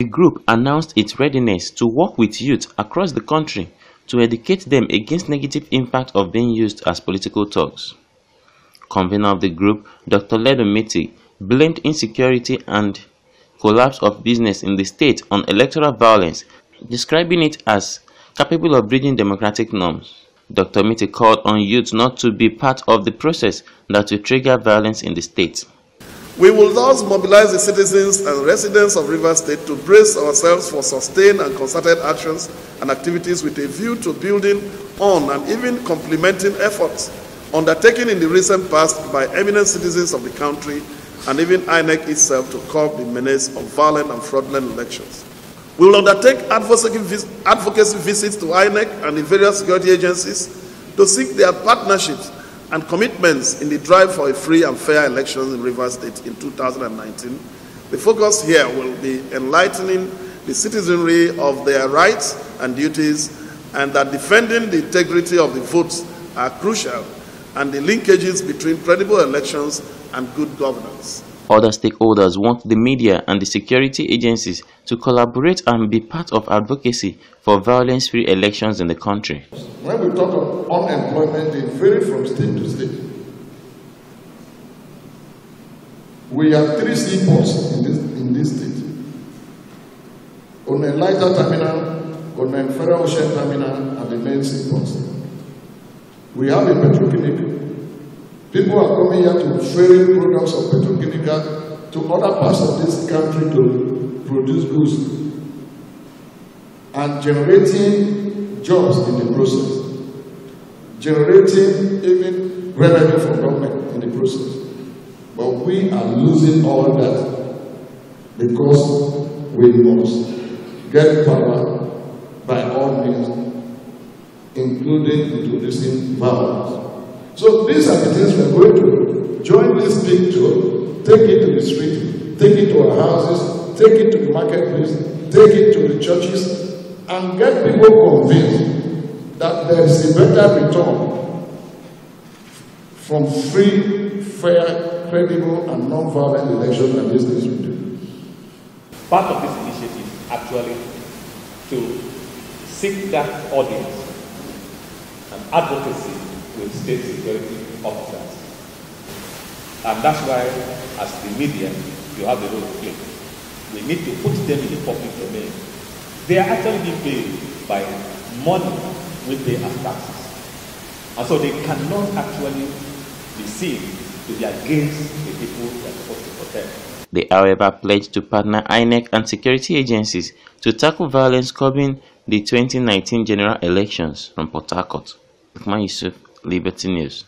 The group announced its readiness to work with youth across the country to educate them against negative impact of being used as political thugs. Convener of the group, Dr. Ledemiti, blamed insecurity and collapse of business in the state on electoral violence, describing it as capable of breaching democratic norms. Dr. Miti called on youth not to be part of the process that will trigger violence in the state. We will thus mobilize the citizens and residents of River State to brace ourselves for sustained and concerted actions and activities with a view to building on and even complementing efforts undertaken in the recent past by eminent citizens of the country and even INEC itself to curb the menace of violent and fraudulent elections. We will undertake advocacy visits to INEC and the various security agencies to seek their partnerships and commitments in the drive for a free and fair elections in Rivers State in 2019. The focus here will be enlightening the citizenry of their rights and duties and that defending the integrity of the votes are crucial and the linkages between credible elections and good governance. Other stakeholders want the media and the security agencies to collaborate and be part of advocacy for violence-free elections in the country. When we talk of unemployment, it varies from state to state. We have three seaports in this, in this state. On a lighter terminal, on a federal ocean terminal, and the main seaports. We have a petrochemical People are coming here to ferry products of petrochemical to other parts of this country to produce goods and generating jobs in the process, generating even revenue for government in the process. But we are losing all that because we must get power by all means, including introducing violence. So these are the things we are going to join this picture, take it to the street, take it to our houses, take it to the marketplace, take it to the churches, and get people convinced that there is a better return from free, fair, credible, and non-violent elections than this things we do. Part of this initiative actually to seek that audience and advocacy to state security officers. And that's why, as the media, you have the role to play. We need to put them in the public domain. They are actually being paid by money we pay as taxes. And so they cannot actually be seen to be against the people they are supposed to protect. They, however, pledged to partner INEC and security agencies to tackle violence covering the 2019 general elections from Port Harcourt. Yusuf, Liberty News.